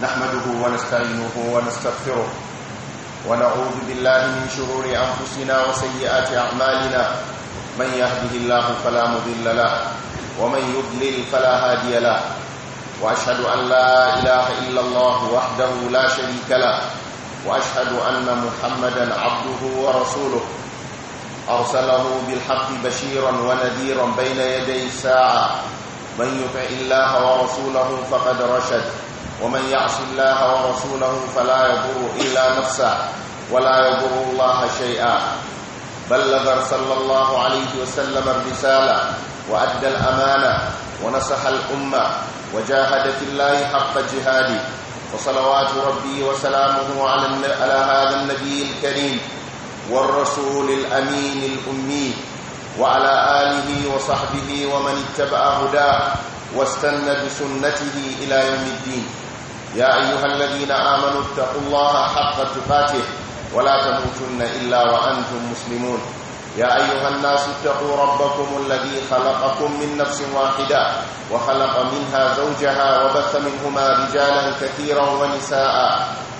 نحمده ونستعينه ونستغفره ونعوذ بالله من شرور أنفسنا وسيئات أعمالنا من يهده الله فلا مضل له ومن يضلل فلا هادي له وأشهد أن لا إله إلا الله وحده لا شريك له وأشهد أن محمدا عبده ورسوله أرسله بالحق بشيرا ونذيرا بين يدي الساعة من يطع الله ورسوله فقد رشد ومن يعص الله ورسوله فلا يضر إلا نفسه ولا يضر الله شيئا بلغ صلى الله عليه وسلم الرسالة وأدى الأمانة ونصح الأمة وجاهد في الله حق جهاده وصلوات ربي وسلامه على هذا النبي الكريم والرسول الأمين الأمي وعلى آله وصحبه ومن اتبع هداه واستنى بسنته إلى يوم الدين يا أيها الذين آمنوا اتقوا الله حق تقاته ولا تموتن إلا وأنتم مسلمون يا أيها الناس اتقوا ربكم الذي خلقكم من نفس واحدة وخلق منها زوجها وبث منهما رجالا كثيرا ونساء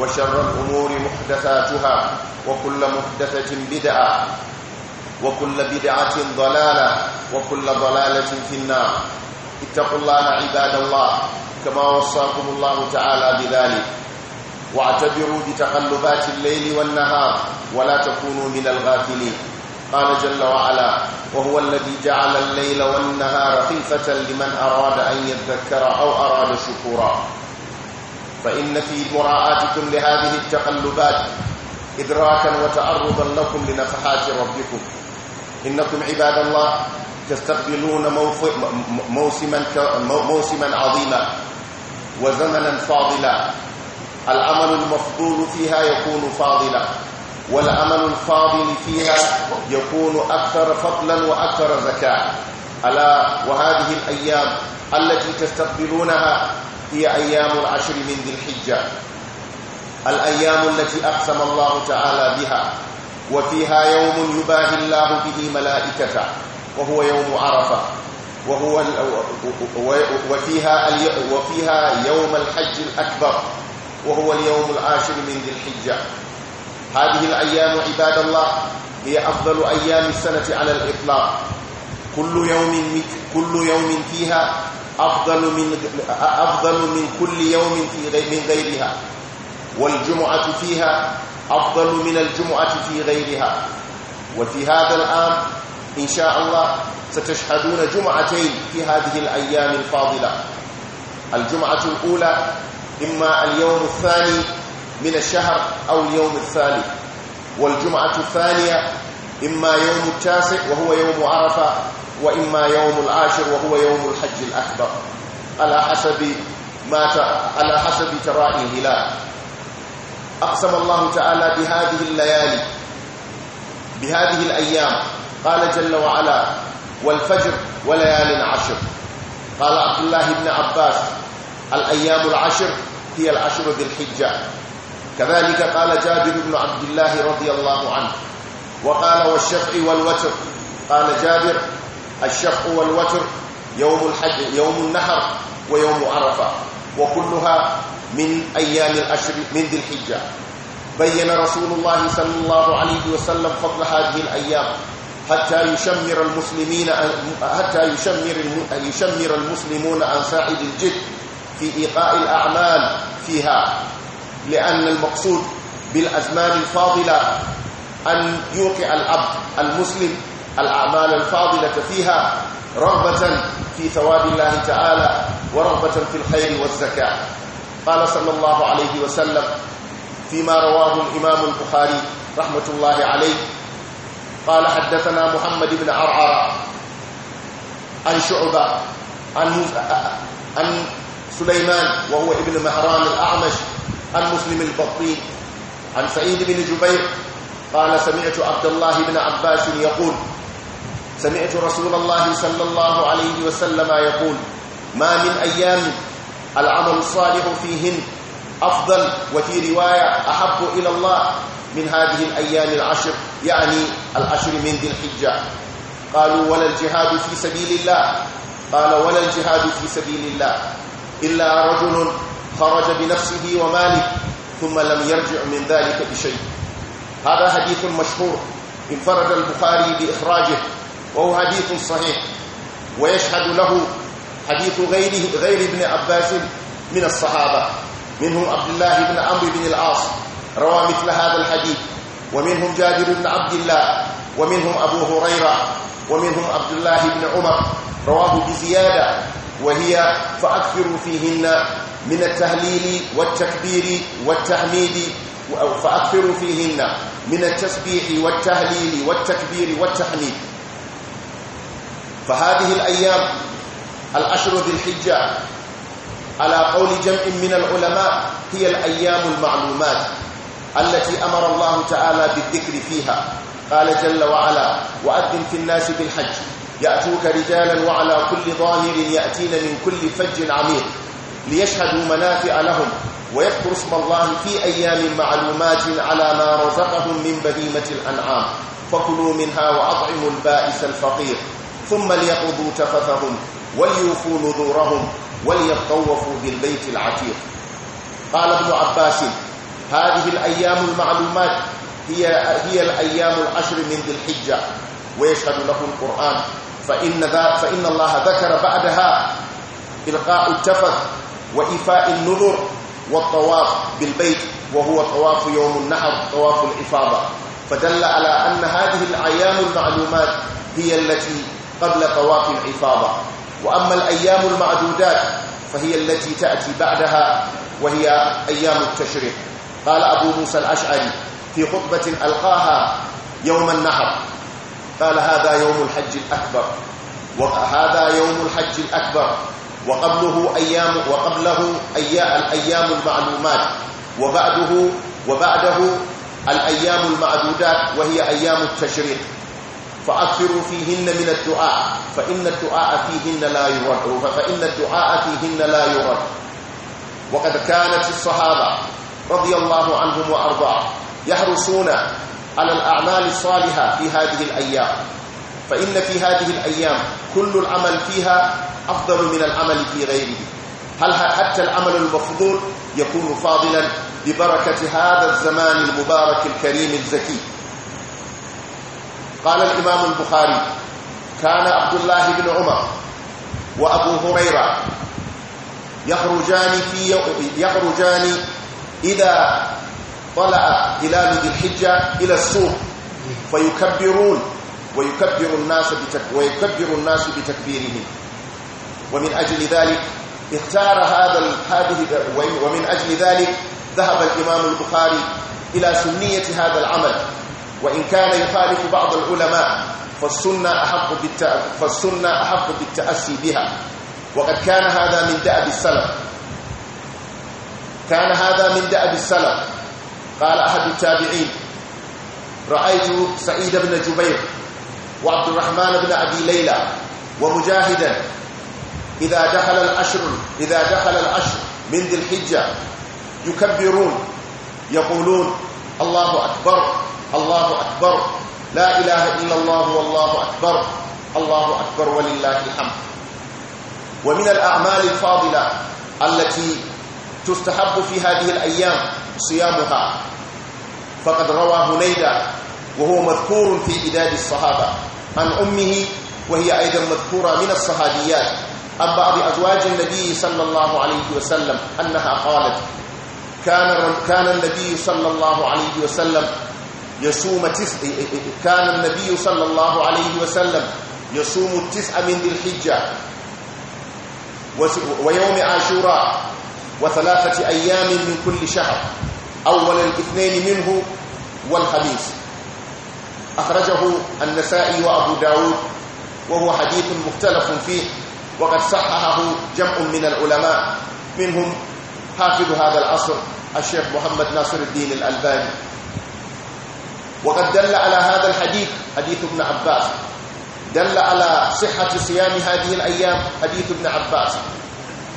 وشر الأمور محدثاتها وكل محدثة بدعة وكل بدعة ضلالة وكل ضلالة في النار اتقوا الله عباد الله كما وصاكم الله تعالى بذلك واعتبروا بتقلبات الليل والنهار ولا تكونوا من الغافلين قال جل وعلا وهو الذي جعل الليل والنهار خلفة لمن أراد أن يذكر أو أراد شكورا فإن في مراعاة كل هذه التقلبات إدراكا وتعرضا لكم لنفحات ربكم إنكم عباد الله تستقبلون موسما موسما عظيما وزمنا فاضلا العمل المفضول فيها يكون فاضلا والعمل الفاضل فيها يكون أكثر فضلا وأكثر زكاة ألا وهذه الأيام التي تستقبلونها هي أيام العشر من ذي الحجة الأيام التي أقسم الله تعالى بها وفيها يوم يباهي الله به ملائكته وهو يوم عرفة وهو وفيها وفيها يوم الحج الأكبر وهو اليوم العاشر من ذي الحجة هذه الأيام عباد الله هي أفضل أيام السنة على الإطلاق كل يوم كل يوم فيها أفضل من, أفضل من كل يوم في من غيرها والجمعة فيها أفضل من الجمعة في غيرها وفي هذا العام إن شاء الله ستشهدون جمعتين في هذه الأيام الفاضلة الجمعة الأولى إما اليوم الثاني من الشهر أو اليوم الثالث والجمعة الثانية إما يوم التاسع وهو يوم عرفة وإما يوم العاشر وهو يوم الحج الأكبر على حسب ما ت... على حسب تراءي الهلال أقسم الله تعالى بهذه الليالي بهذه الأيام قال جل وعلا والفجر وليال عشر قال عبد الله بن عباس الأيام العشر هي العشر ذي الحجة كذلك قال جابر بن عبد الله رضي الله عنه وقال والشفع والوتر قال جابر الشق والوتر يوم الحج يوم النحر ويوم عرفة وكلها من أيام الأشر من ذي الحجة بين رسول الله صلى الله عليه وسلم فضل هذه الأيام حتى يشمر المسلمين حتى يشمر يشمر المسلمون عن ساعد الجد في إيقاء الأعمال فيها لأن المقصود بالأزمان الفاضلة أن يوقع العبد المسلم الأعمال الفاضلة فيها رغبة في ثواب الله تعالى ورغبة في الخير والزكاة قال صلى الله عليه وسلم فيما رواه الإمام البخاري رحمة الله عليه قال حدثنا محمد بن عرعر عن شعبة عن, عن سليمان وهو ابن مهران الأعمش عن مسلم البطين عن سعيد بن جبير قال سمعت عبد الله بن عباس يقول سمعت رسول الله صلى الله عليه وسلم يقول ما من أيام العمل الصالح فيهن أفضل وفي رواية أحب إلى الله من هذه الأيام العشر يعني العشر من ذي الحجة قالوا ولا الجهاد في سبيل الله قال ولا الجهاد في سبيل الله إلا رجل خرج بنفسه وماله ثم لم يرجع من ذلك بشيء هذا حديث مشهور انفرد البخاري بإخراجه وهو حديث صحيح ويشهد له حديث غيره غير ابن عباس من الصحابة منهم عبد الله بن عمرو بن العاص روى مثل هذا الحديث ومنهم جابر بن عبد الله ومنهم أبو هريرة ومنهم عبد الله بن عمر رواه بزيادة وهي فأكثروا فيهن من التهليل والتكبير والتحميد فأكثروا فيهن من التسبيح والتهليل والتكبير والتحميد فهذه الأيام العشر ذي الحجة على قول جمع من العلماء هي الأيام المعلومات التي أمر الله تعالى بالذكر فيها قال جل وعلا وأذن في الناس بالحج يأتوك رجالا وعلى كل ضامر يأتين من كل فج عميق ليشهدوا منافع لهم ويذكر اسم الله في أيام معلومات على ما رزقهم من بهيمة الأنعام فكلوا منها وأطعموا البائس الفقير ثم ليقضوا تفثهم وليوفوا نذورهم وليطوفوا بالبيت العتيق قال ابن عباس هذه الأيام المعلومات هي, هي الأيام العشر من ذي الحجة ويشهد له القرآن فإن, ذا فإن الله ذكر بعدها إلقاء التفث وإيفاء النذر والطواف بالبيت وهو طواف يوم النحر طواف الإفاضة فدل على أن هذه الأيام المعلومات هي التي قبل طواف الإفاضة وأما الأيام المعدودات فهي التي تأتي بعدها وهي أيام التشريق قال أبو موسى الأشعري في خطبة ألقاها يوم النحر قال هذا يوم الحج الأكبر وهذا يوم الحج الأكبر وقبله أيام وقبله الأيام المعلومات وبعده وبعده الأيام المعدودات وهي أيام التشريق فأكثروا فيهن من الدعاء فإن الدعاء فيهن لا يرد فإن الدعاء فيهن لا يرد وقد كانت الصحابة رضي الله عنهم وأرضاهم يحرصون على الأعمال الصالحة في هذه الأيام فإن في هذه الأيام كل العمل فيها أفضل من العمل في غيره هل حتى العمل المفضول يكون فاضلا ببركة هذا الزمان المبارك الكريم الزكي قال الإمام البخاري كان عبد الله بن عمر وأبو هريرة يخرجان في يخرجان إذا طلع هلال ذي الحجة إلى السوق فيكبرون ويكبر الناس ويكبر الناس بتكبيرهم ومن أجل ذلك اختار هذا هذه ومن أجل ذلك ذهب الإمام البخاري إلى سنية هذا العمل وإن كان يخالف بعض العلماء فالسنة أحق, فالسنة أحق بالتأسي بها وقد كان هذا من دأب السلف كان هذا من دأب السلف قال أحد التابعين رأيت سعيد بن جبير وعبد الرحمن بن أبي ليلى ومجاهدا إذا دخل العشر إذا دخل العشر من ذي الحجة يكبرون يقولون الله أكبر الله أكبر لا إله إلا الله والله أكبر الله أكبر ولله الحمد ومن الأعمال الفاضلة التي تستحب في هذه الأيام صيامها فقد روى هنيدة وهو مذكور في إداد الصحابة عن أمه وهي أيضا مذكورة من الصحابيات عن بعض أزواج النبي صلى الله عليه وسلم أنها قالت كان كان النبي صلى الله عليه وسلم يصوم تسع إيه- إيه- إيه- كان النبي صلى الله عليه وسلم يصوم التسع من ذي الحجة ويوم عاشوراء وثلاثة أيام من كل شهر أول الاثنين منه والخميس أخرجه النسائي وأبو داود وهو حديث مختلف فيه وقد صححه جمع من العلماء منهم حافظ هذا العصر الشيخ محمد ناصر الدين الألباني وقد دل على هذا الحديث حديث ابن عباس دل على صحة صيام هذه الأيام حديث ابن عباس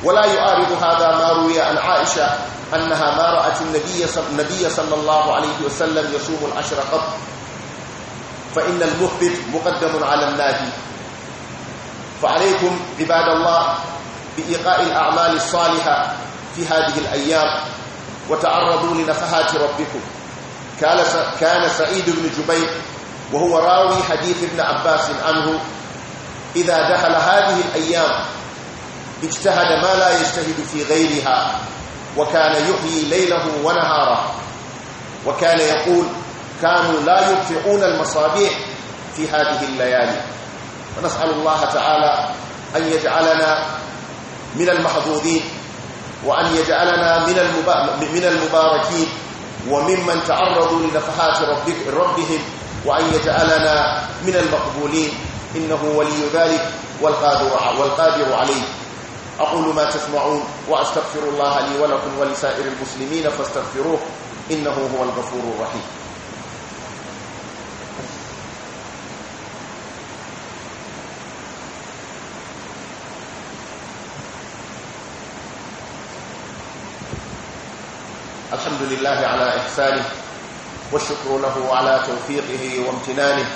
ولا يعارض هذا ما روي عن عائشة أنها ما رأت النبي صل... النبي صلى الله عليه وسلم يصوم العشر قط فإن المخبت مقدم على النادي فعليكم عباد الله بإيقاء الأعمال الصالحة في هذه الأيام وتعرضوا لنفحات ربكم كان سعيد بن جبير وهو راوي حديث ابن عباس عنه إذا دخل هذه الأيام اجتهد ما لا يجتهد في غيرها وكان يحيي ليله ونهاره وكان يقول كانوا لا يطفئون المصابيح في هذه الليالي ونسأل الله تعالى أن يجعلنا من المحظوظين وأن يجعلنا من المباركين وممن تعرضوا لنفحات ربهم وأن يجعلنا من المقبولين إنه ولي ذلك والقادر, والقادر عليه أقول ما تسمعون وأستغفر الله لي ولكم ولسائر المسلمين فاستغفروه إنه هو الغفور الرحيم لله على إحسانه والشكر له على توفيقه وامتنانه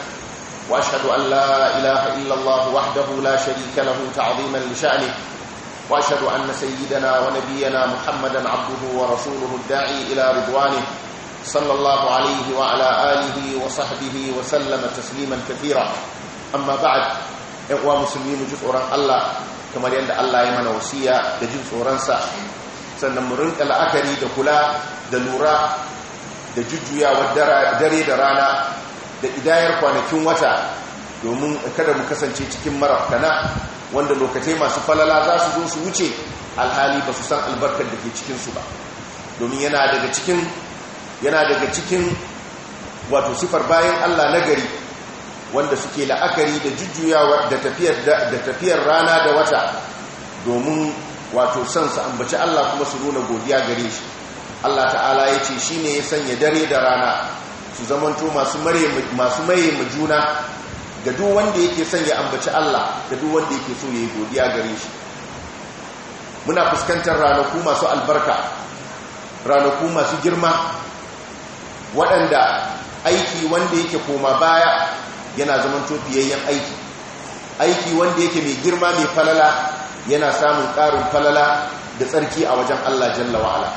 وأشهد أن لا إله إلا الله وحده لا شريك له تعظيما لشأنه وأشهد أن سيدنا ونبينا محمدا عبده ورسوله الداعي إلى رضوانه صلى الله عليه وعلى آله وصحبه وسلم تسليما كثيرا أما بعد إقوى مسلمين جزء الله kamar yadda Allah ya mana wasiya da jin tsoronsa sannan mu rinka la'akari da kula da lura da jujjuyawa dare da rana da idayar kwanakin wata domin kada mu kasance cikin marafkana wanda lokacin masu falala za su zo su wuce alhali ba su san albarkar da ke cikinsu ba domin yana daga cikin yana daga cikin wato sifar bayan allah nagari wanda suke la'akari da jujjuyawa da tafiyar rana da wata domin wato son su ambaci Allah kuma su nuna godiya gare shi Allah ta'ala ya ce shi ne ya sanya dare da rana su zamanto masu maye ma juna ga duk wanda yake son ya ambaci Allah da duk wanda yake so ya yi godiya gare shi muna fuskantar ranaku masu albarka ranaku masu girma waɗanda aiki wanda yake koma baya yana zamanto fiyayyen aiki aiki wanda yake mai girma mai falala yana samun ƙarin falala da tsarki a wajen Allah jalla wa'ala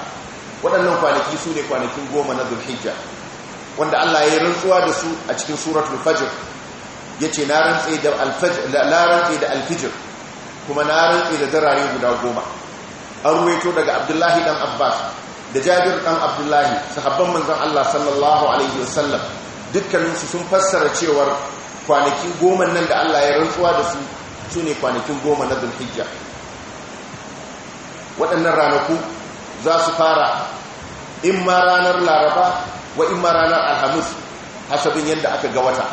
waɗannan kwanaki su ne kwanakin goma na zulhijja wanda Allah ya yi rantsuwa da su a cikin suratul fajr ya ce na rantse da alfijir kuma na rantse da zarare guda goma an ruweto daga abdullahi dan abbas da jabir ɗan abdullahi sahabban manzon Allah sallallahu alaihi wasallam dukkaninsu sun fassara cewar kwanakin goma nan da Allah ya rantsuwa da su su ne kwanakin goma na zulhijja waɗannan ranaku za su fara in ma ranar laraba wa in ma ranar alhamis hasabin yadda aka ga wata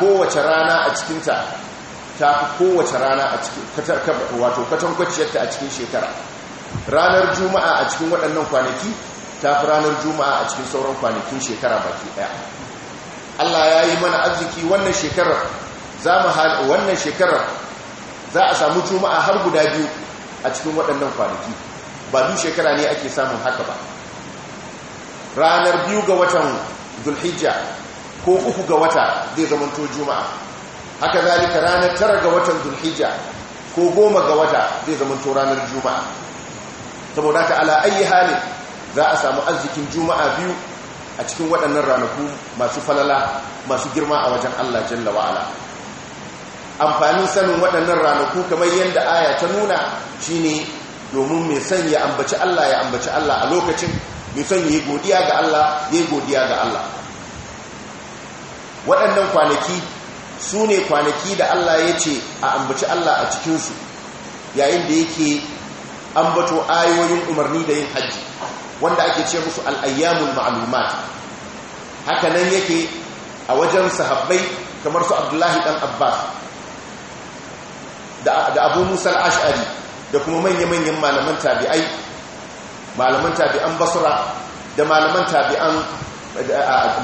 kowace rana a cikinta ta fi kowace rana a cikin wato kwatankwaciyarta a cikin shekara ranar juma'a a cikin waɗannan kwanaki ta fi ranar juma'a a cikin sauran kwanakin shekara baki ɗaya Allah ya yi mana arziki wannan shekarar za mu wannan shekarar za a samu juma'a har guda biyu a cikin waɗannan kwanaki ba duk shekara ne ake samun haka ba ranar biyu ga watan zulhijja ko uku ga wata zai zamanto juma'a haka zalika ranar tara ga watan zulhijja ko goma ga wata zai zamanto ranar juma'a saboda ta ala ayi halin za a samu arzikin juma'a biyu a cikin waɗannan ranaku masu falala masu girma a wajen Allah jalla wa'ala amfanin sanin waɗannan ranaku kamar yadda aya ta nuna shi ne domin mai son ya ambaci Allah ya ambaci Allah a lokacin mai son ya yi godiya ga Allah ya yi godiya ga Allah waɗannan kwanaki su ne kwanaki da Allah ya ce a ambaci Allah a cikinsu yayin da yake ambato ayoyin umarni da yin hajji wanda ake ce musu al'ayyamul ma'alumat haka nan yake a wajen sahabbai kamar su abdullahi ɗan abbas da abu musar ash'ari da kuma manya-manyan malaman tabi'ai malaman tabi'an basura da malaman tabi'an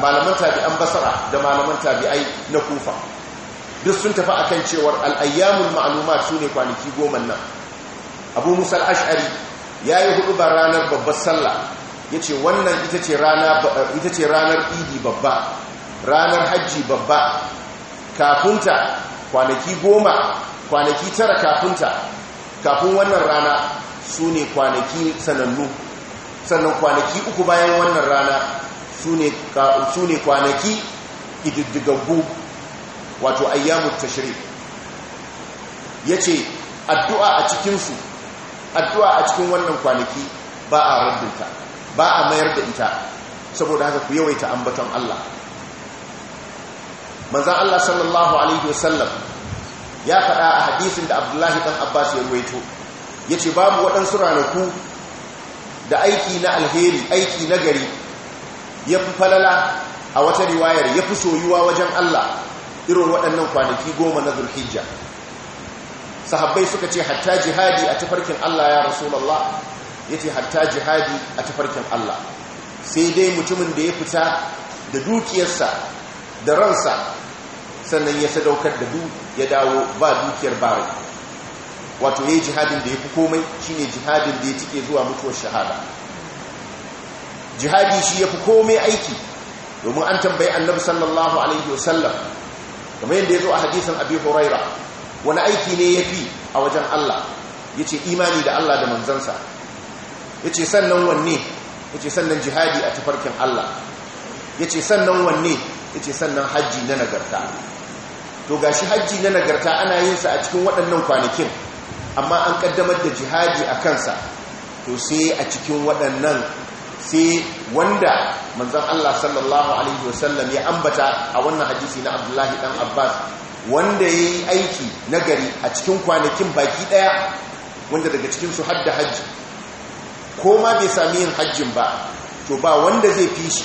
malaman tabi'an basara da malaman tabi'ai na kufa duk sun tafi akan cewar al'ayyamul ma'alumat su ne kwanaki goma nan abu musar ash'ari ya yi hudu ba ranar babbar sallah ya ce wannan ita ce ranar idi babba ranar hajji babba kafinta kwanaki goma kwanaki tara kafinta kafin wannan rana su ne kwanaki sanannu sannan kwanaki uku bayan wannan rana su ne kwanaki ididdigaggu wato ayyamun tashiri ya ce addu'a a cikinsu addu'a a cikin wannan kwanaki ba a raddinta ba a mayar da ita saboda haka ku yawaita ambaton Allah manzan Allah sallallahu alaihi wasallam ya faɗa a hadisin da Abdullahi ɗan Abbas ya ruwaito ce babu waɗansu ranaku da aiki na alheri aiki na gari ya fi falala a wata riwayar ya fi soyuwa wajen Allah irin waɗannan kwanaki goma na Zulhijja sahabbai suka ce hatta jihadi a tafarkin Allah ya rasu rasulullah ce hatta jihadi a tafarkin Allah sai dai mutumin da ya fita da dukiyarsa da ransa sannan ya sadaukar da du ya dawo ba dukiyar bari wato ya yi jihadin da ya fi komai shine jihadin da ya cike zuwa mutuwar shahada jihadi shi ya fi komai aiki domin an tambayi annabi sallallahu alaihi wasallam kamar yadda ya zo a hadisin abi huraira wani aiki ne ya fi a wajen Allah ya ce imani da Allah da manzansa ya ce sannan wanne ya ce sannan jihadi a tafarkin Allah ya ce sannan wanne ya ce sannan hajji na nagarta to ga shi hajji na nagarta ana yin sa a cikin waɗannan kwanakin amma an ƙaddamar da jihadi a kansa to sai a cikin waɗannan sai wanda manzan Allah sallallahu alaihi wasallam ya ambata a wannan hadisi na Abdullahi ɗan Abbas wanda ya yi aiki na gari a cikin kwanakin baki daya wanda daga cikin su hadda hajji ko ma bai sami yin hajjin ba to ba wanda zai fi shi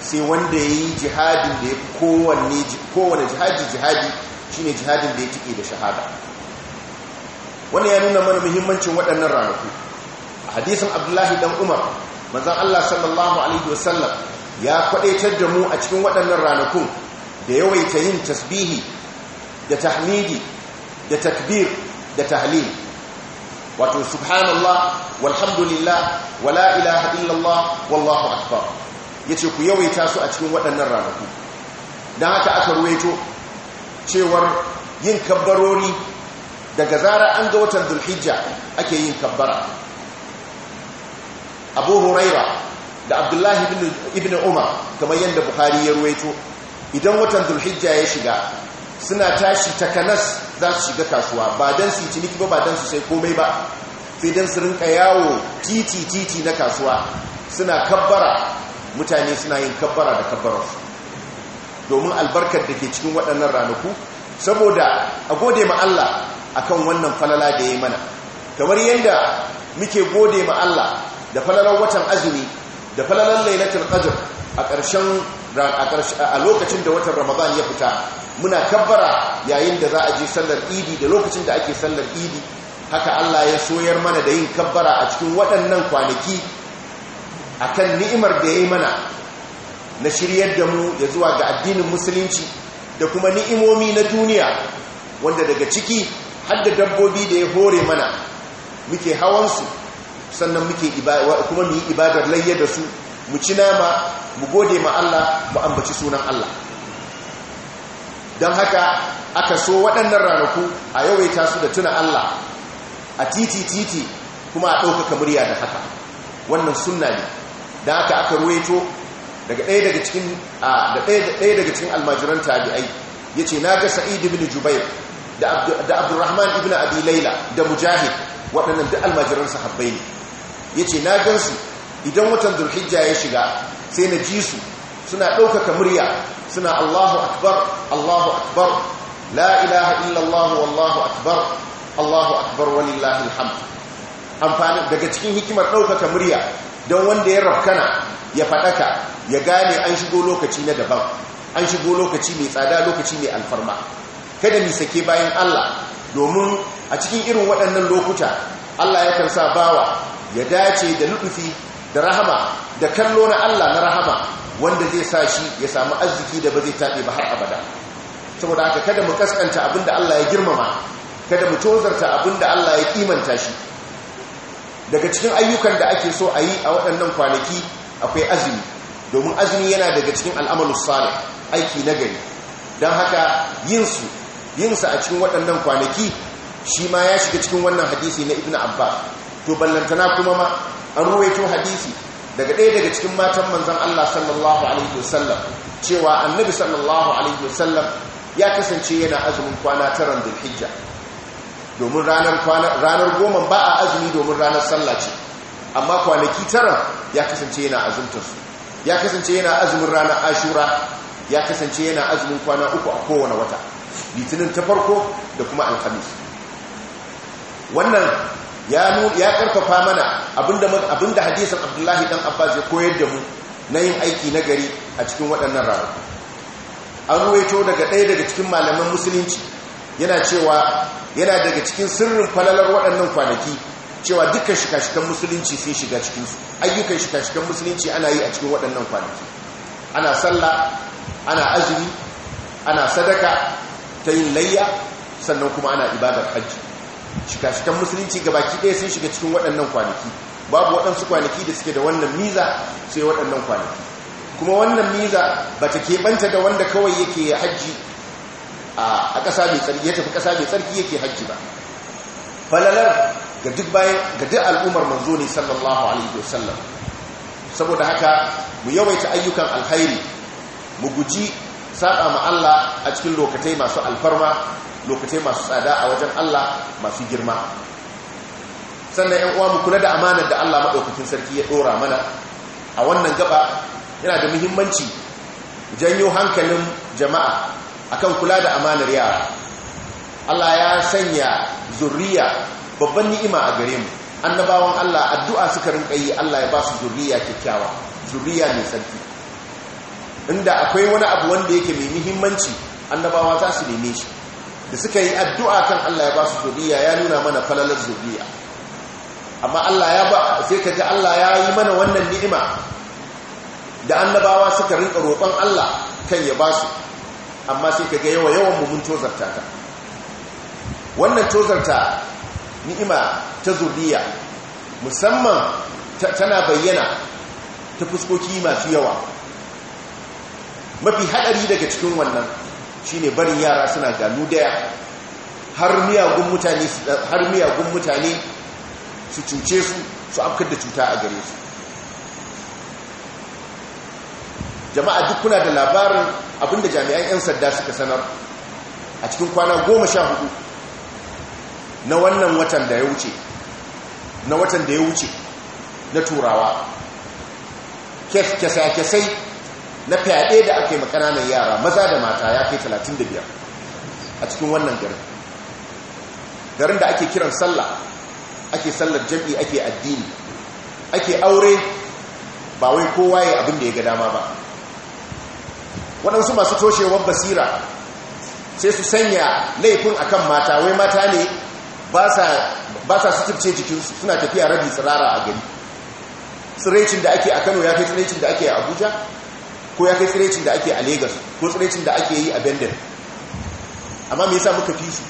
sai wanda ya yi jihadin da ya fi kowane jihadi jihadi shine jihadin da ya cike da shahada wani ya nuna mana muhimmancin waɗannan ranaku a hadisin abdullahi dan umar manzon allah sallallahu alaihi wasallam ya kwadaitar da mu a cikin waɗannan ranakun da yawaita yin tasbihi da tahmidi da takbir da tahlil wato subhanallah walhamdulillah wala ilaha illallah wallahu akbar yace ku yawaita su a cikin waɗannan ranaku dan haka aka ruwaito cewar yin kabbarori daga zara an ga watan dhulhijja ake yin kabbara abu huraira da abdullahi ibn umar kamar yadda bukhari ya ruwaito idan watan dhulhijja ya shiga suna tashi takanas za su shiga kasuwa ba don su yi ciniki ba ba don su sai komai ba sai don su rinka yawo titi-titi na kasuwa suna kabbara mutane suna yin kabbara da kabbararsu domin albarkar da ke cikin waɗannan ranaku saboda a gode ma Allah kan wannan falala da ya yi mana kamar yadda muke gode ma Allah da falalar watan azumi da falalar lailatul qadr a ƙarshen a lokacin da watan ramadan ya fita muna kabbara yayin da za a je sallar idi da lokacin da ake sallar idi haka Allah ya soyar mana da yin kabbara a cikin waɗannan kwanaki a kan ni'imar da ya yi mana na shiryar da mu ya zuwa ga addinin musulunci da kuma ni'imomi na duniya wanda daga ciki har da dabbobi da ya hore mana muke hawansu sannan muke kuma mu yi ibadar layya da su mu ci nama mu gode ma Allah mu ambaci sunan Allah don haka aka so waɗannan ranaku a yawaita su da tuna Allah a titi-titi kuma a ɗaukaka murya da haka wannan sunna ne da haka aka ruwaito daga ɗaya daga cikin ɗaya daga cikin almajiran tabi'ai ya ce na ga sa'id ibn jubair da abdurrahman ibn abi laila da mujahid waɗannan duk almajiran sahabbai ne ya ce na gansu idan watan durhijja ya shiga sai na ji su suna ɗaukaka murya suna Allahu akbar Allahu akbar la ilaha illallah wallahu akbar Allahu akbar walillahi alhamd amfani daga cikin hikimar ɗaukaka murya don wanda ya rafkana ya faɗaka ya gane an shigo lokaci na daban an shigo lokaci mai tsada lokaci mai alfarma kada mi sake bayan Allah domin a cikin irin waɗannan lokuta Allah ya sa bawa ya dace da lutufi da rahama da kallo na Allah na rahama wanda zai sa shi ya samu arziki da ba zai taɓe ba har abada saboda haka kada mu kaskanta abinda Allah ya girmama kada mu tozarta abinda Allah ya kimanta shi daga cikin ayyukan da ake so a yi a waɗannan kwanaki akwai azumi domin azumi yana daga cikin al'amalus salih aiki nagari don haka yinsu yinsa a cikin waɗannan kwanaki shi ma ya shiga cikin wannan hadisi na ibn Abba, to ballantana kuma ma an ruwaito hadisi daga ɗaya daga cikin matan manzan Allah sallallahu alaihi wasallam cewa annabi sallallahu alaihi wasallam ya kasance yana azumin kwana taran hijja domin ranar ranar goma ba a azumi domin ranar sallah ce amma kwanaki tara ya kasance yana azumtar su ya kasance yana azumin ranar ashura ya kasance yana azumin kwana uku a kowane wata litinin ta farko da kuma alhamis wannan ya ƙarfafa mana abinda hadisan abdullahi dan abbas ya koyar da mu na yin aiki na gari a cikin waɗannan ranaku an ruwaito daga ɗaya daga cikin malaman musulunci yana cewa yana daga cikin sirrin falalar waɗannan kwanaki cewa dukkan shika-shikan musulunci sun shiga cikinsu ayyukan shika-shikan musulunci ana yi a cikin waɗannan kwanaki ana sallah ana azumi ana sadaka ta yin layya sannan kuma ana ibadar hajji shikan musulunci ga baki ɗaya sun shiga cikin waɗannan kwanaki babu waɗansu kwanaki da suke da wannan miza sai waɗannan kwanaki kuma wannan miza ba ta keɓanta da wanda kawai yake hajji a ƙasa mai tsarki ya tafi ƙasa mai tsarki yake hajji ba falalar ga duk bayan ga duk al'ummar manzo ne sallallahu alaihi wasallam saboda haka mu yawaita ayyukan alkhairi mu guji saba ma Allah a cikin lokacai masu alfarma lokacin masu tsada a wajen Allah masu girma sannan yan uwa mu kula da amanar da Allah maɗaukacin sarki ya ɗora mana a wannan gaba yana da muhimmanci janyo hankalin jama'a akan kula da amanar yara Allah ya sanya zurriya babban ni'ima a gare mu annabawan Allah addu'a suka rinka yi Allah ya ba su zurriya kyakkyawa zurriya mai sarki inda akwai wani abu wanda yake mai muhimmanci annabawa za su neme shi da suka yi addu'a kan Allah ya ba su zuriya ya nuna mana falalar zuriya amma Allah ya ba sai ka ji Allah ya yi mana wannan ni'ima da annabawa suka rinka roƙon Allah kan ya ba su amma sai ka ga yawa yawan mummun tozarta ta wannan tozarta ni'ima ta zuriya musamman tana bayyana ta fuskoki masu yawa mafi haɗari daga cikin wannan shine barin yara suna galu daya har miyagun mutane su cuce su su afkar da cuta a gare su jama'a duk kuna da labarin abinda jami'an 'yan sanda suka sanar a cikin kwana goma sha hudu na wannan watan da ya wuce na watan da ya wuce na turawa kyasa-kyasai na fyaɗe da aka yi makananan yara maza da mata ya kai 35 a cikin wannan garin garin da ake kiran sallah ake sallar jam'i ake addini ake aure ba wai kowa ya abin da ya ga dama ba waɗansu masu toshewar basira sai su sanya laifin akan mata wai mata ne ba sa sutifce jikinsu suna tafiya rabi tsirara a gari tsiraicin da ake a kano ya fi tsiraicin da ake a abuja ko ya kai tsirecin da ake a Legas ko tsirecin da ake yi a bendin amma mai yasa muka fi su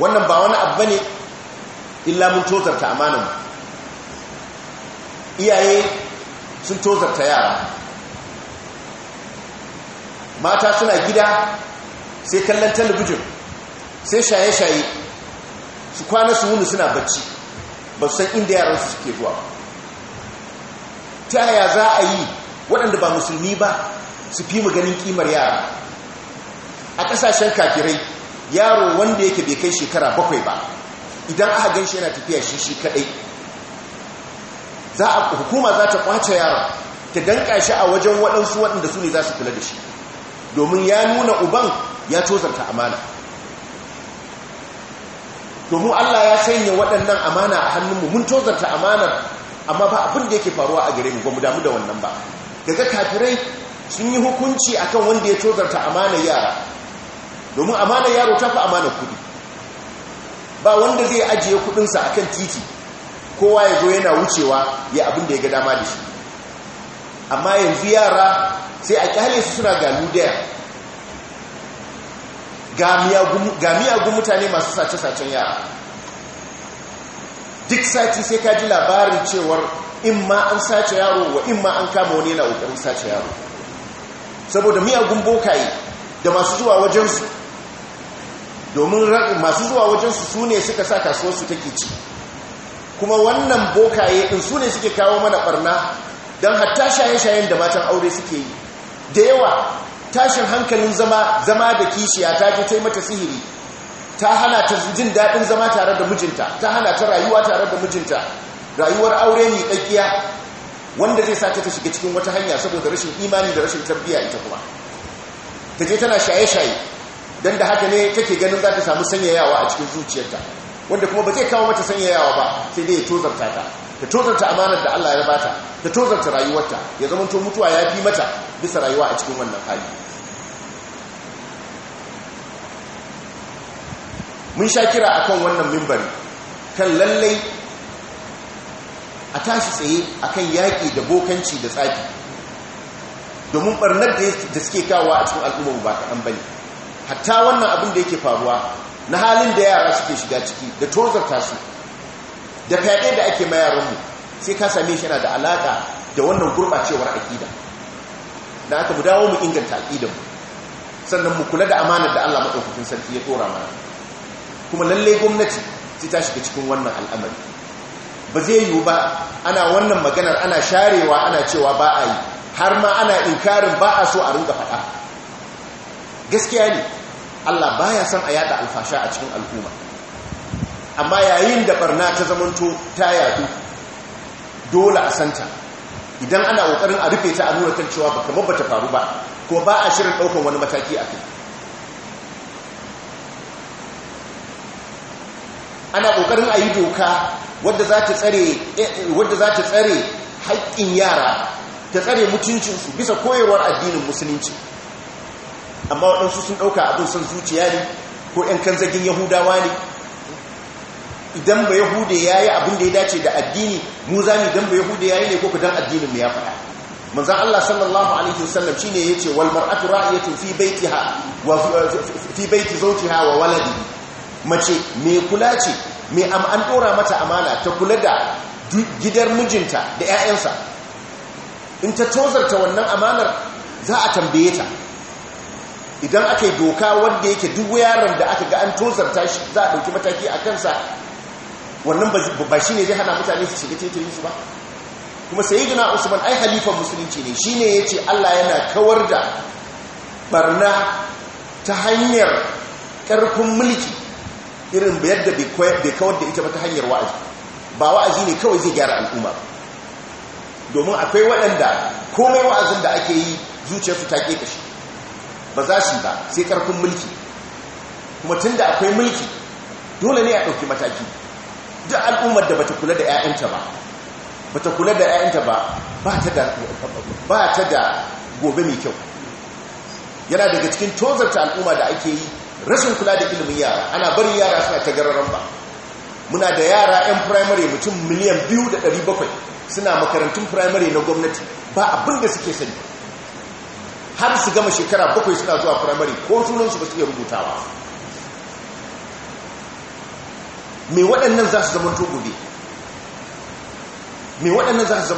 wannan ba wani abu ne illa mun tozarta amanan iyaye sun tozarta yara mata suna gida sai kallon talabijin sai shaye-shaye su kwana su wuni suna bacci ba su san inda su suke zuwa ta yaya za a yi waɗanda ba musulmi ba su fi mu ganin kimar yara a ƙasashen kafirai yaro wanda yake bai kai shekara bakwai ba idan aka gan shi yana tafiya shi shi kaɗai hukuma za ta kwace yaron ta danƙa shi a wajen waɗansu waɗanda su ne za su kula da shi domin ya nuna uban ya cozarta amana domin Allah ya sanya waɗannan amana a hannunmu mun tozarta amanar amma ba abin da yake faruwa a gare mu ba mu damu da wannan ba daga kafirai sun yi hukunci akan wanda ya cozarta amanar yara domin amanar yaro ta fi amanar kudi ba wanda zai ajiye kudinsa akan titi kowa ya zo yana wucewa ya abin da ya ga dama da shi amma yanzu yara sai a kyale su suna galu daya ga miyagun mutane masu sace-sacen yara duk sati sai ka ji labarin cewar in ma an sace yaro wa in ma an kama wani yana ƙoƙarin sace yaro saboda miyagun bokaye da masu zuwa wajensu domin masu zuwa wajensu su ne suka sa kasuwarsu take ci kuma wannan bokaye in su ne suke kawo mana barna don hatta shaye-shayen da matan aure suke yi da yawa tashin hankalin zama zama da kishiya ta je ta yi mata sihiri ta hana ta jin daɗin zama tare da mijinta ta hana ta rayuwa tare da mijinta rayuwar aure ne ɗaggiya wanda zai sa ta shiga cikin wata hanya saboda rashin imani da rashin tarbiyya ita kuma ta je tana shaye-shaye don da haka ne take ganin za ta samu sanyayawa a cikin zuciyarta wanda kuma ba zai kawo mata sanyayawa ba sai dai ya tozarta ta ta tozarta amanar da Allah ya bata ta tozarta rayuwarta ya zama to mutuwa ya fi mata bisa rayuwa a cikin wannan hali mun sha kira akan wannan mimbari kan lallai a tashi tsaye a kan yaƙi da bokanci da tsaki domin ɓarnar da suke kawo a cikin al'ummar ba kaɗan ba ne hatta wannan abin da yake faruwa na halin da yara suke shiga ciki da tozarta su da fyaɗe da ake ma mu sai ka same shi yana da alaƙa da wannan gurɓacewar aƙida da aka mu dawo mu inganta mu sannan mu kula da amanar da Allah maɗaukakin sarki ya ɗora mana kuma lallai gwamnati sai ta shiga cikin wannan al'amari ba zai yiwu ba ana wannan maganar ana sharewa ana cewa ba a yi har ma ana inkarin ba a so a rinka faɗa gaskiya ne Allah baya san a yada alfasha a cikin al'umma amma yayin da barna ta zamanto ta yadu dole a santa idan ana kokarin a rufe ta a nuna kan cewa baka ta faru ba ko ba a shirin ɗaukar wani mataki a kai ana kokarin a yi doka Eh, eh, wadda za ta tsare haƙƙin yara ta tsare mutuncinsu bisa koyarwar addinin musulunci amma waɗansu sun ɗauka abin son zuciya ne ko 'yan zagin yahudawa ne idan ba yahude ya yi abin da ya dace da addini mu za mu idan ba yahude ya yi ne ko kadan addinin mu ya faɗa manzan Allah sallallahu alaihi wasallam shine ya ce wal mar'atu ra'iyatun fi bai ki fi wa waladi mace mai kula ce mai an ɗora mata amana ta kula da gidar mijinta da 'ya'yansa in ta tozarta wannan amanar za a tambaye ta idan aka yi doka wanda yake duk yaron da aka ga an tozarta shi za a ɗauki mataki a kansa wannan ba shi ne zai hana mutane su shiga tetiri su ba kuma gina usman ai halifan musulunci ne Shi ya yace Allah yana kawar da barna ta hanyar karfin mulki irin yadda bai kawar da ita ba ta hanyar wa'azi ba wa'azi ne kawai zai gyara al'umma domin akwai waɗanda komai wa'azin da ake yi zuciyarsu ta take kashi ba za su ba sai ƙarfin mulki kuma tun da akwai mulki dole ne a ɗauki mataki duk al'ummar da bata kula da 'ya'yanta ba bata kula da 'ya'yanta ba ba ta da gobe mai kyau yana daga cikin tozarta al'umma da ake yi rashin kula da ilimin yara ana bari yara suna ta gararan ba muna da yara 'yan firamare mutum miliyan 2,700 suna makarantun firamare na gwamnati ba abinda suke sani har su gama shekara bakwai suna zuwa firamare ko sunansu ba su iya rubutawa me waɗannan za su zamanto gobe miliyan waɗannan za su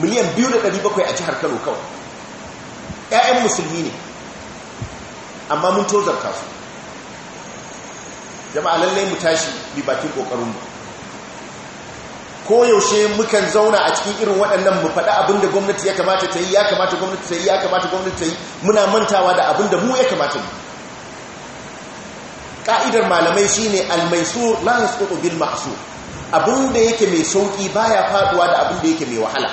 miliyan 2,700 a jihar kano kawai 'ya'yan musulmi ne amma mun tozarta su jama'a lallai mu tashi bi bakin ko koyaushe mukan zauna a cikin irin waɗannan mu faɗi abin da gwamnati ya kamata ta yi ya kamata gwamnati ta yi ya kamata gwamnati ta yi muna mantawa da abin da mu ya kamata mu ƙa'idar malamai shi ne almaisu lahis ƙoƙobin masu abin da yake mai sauƙi ya faɗuwa da abin da yake mai wahala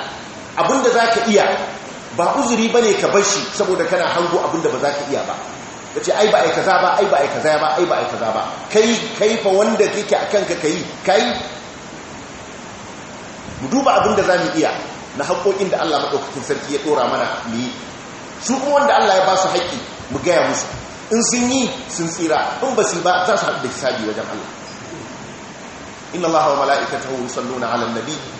abin da za ka iya ba uzuri ba ne ka bar shi saboda kana hango abin da ba za ka iya ba ka ce ai ba ai kaza ba ai ba ai kaza ba ai ba ai kaza ba kai kai fa wanda kike akan ka kai kai mu duba abin da zamu iya na haƙoƙin da Allah madaukakin sarki ya dora mana ni su kuma wanda Allah ya ba su haƙi mu gaya musu in sun yi sun tsira in ba su ba za su haɗu da hisabi wajen Allah inna Allah wa mala'ikatahu yusalluna 'alan nabi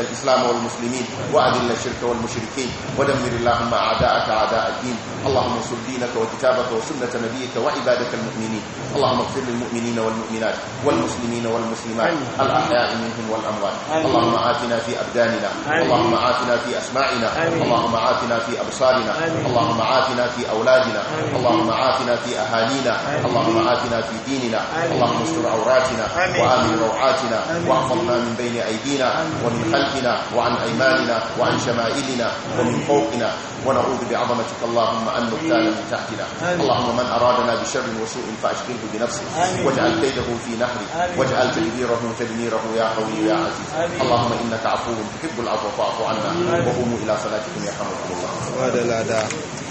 الإسلام والمسلمين وأذل الشرك والمشركين ودمر اللهم أعداءك أعداء الدين اللهم انصر دينك وكتابك وسنة نبيك وعبادك المؤمنين اللهم اغفر للمؤمنين والمؤمنات والمسلمين والمسلمات الأحياء منهم والأموات اللهم آتنا في أبداننا اللهم آتنا في أسماعنا اللهم آتنا في أبصارنا اللهم آتنا في أولادنا اللهم آتنا في أهالينا اللهم آتنا في ديننا اللهم استر عوراتنا وآمن روعاتنا واحفظنا من بين أيدينا ومن خلفنا مشامخنا وعن أيماننا وعن شمائلنا ومن فوقنا ونعوذ بعظمتك اللهم أن نبتال من تحتنا اللهم من أرادنا بشر وسوء فأشغله بنفسه واجعل كيده في نحره واجعل تدبيره تدميره يا قوي يا عزيز اللهم إنك عفو تحب العفو فاعف عنا وقوموا إلى صلاتكم يا حمد الله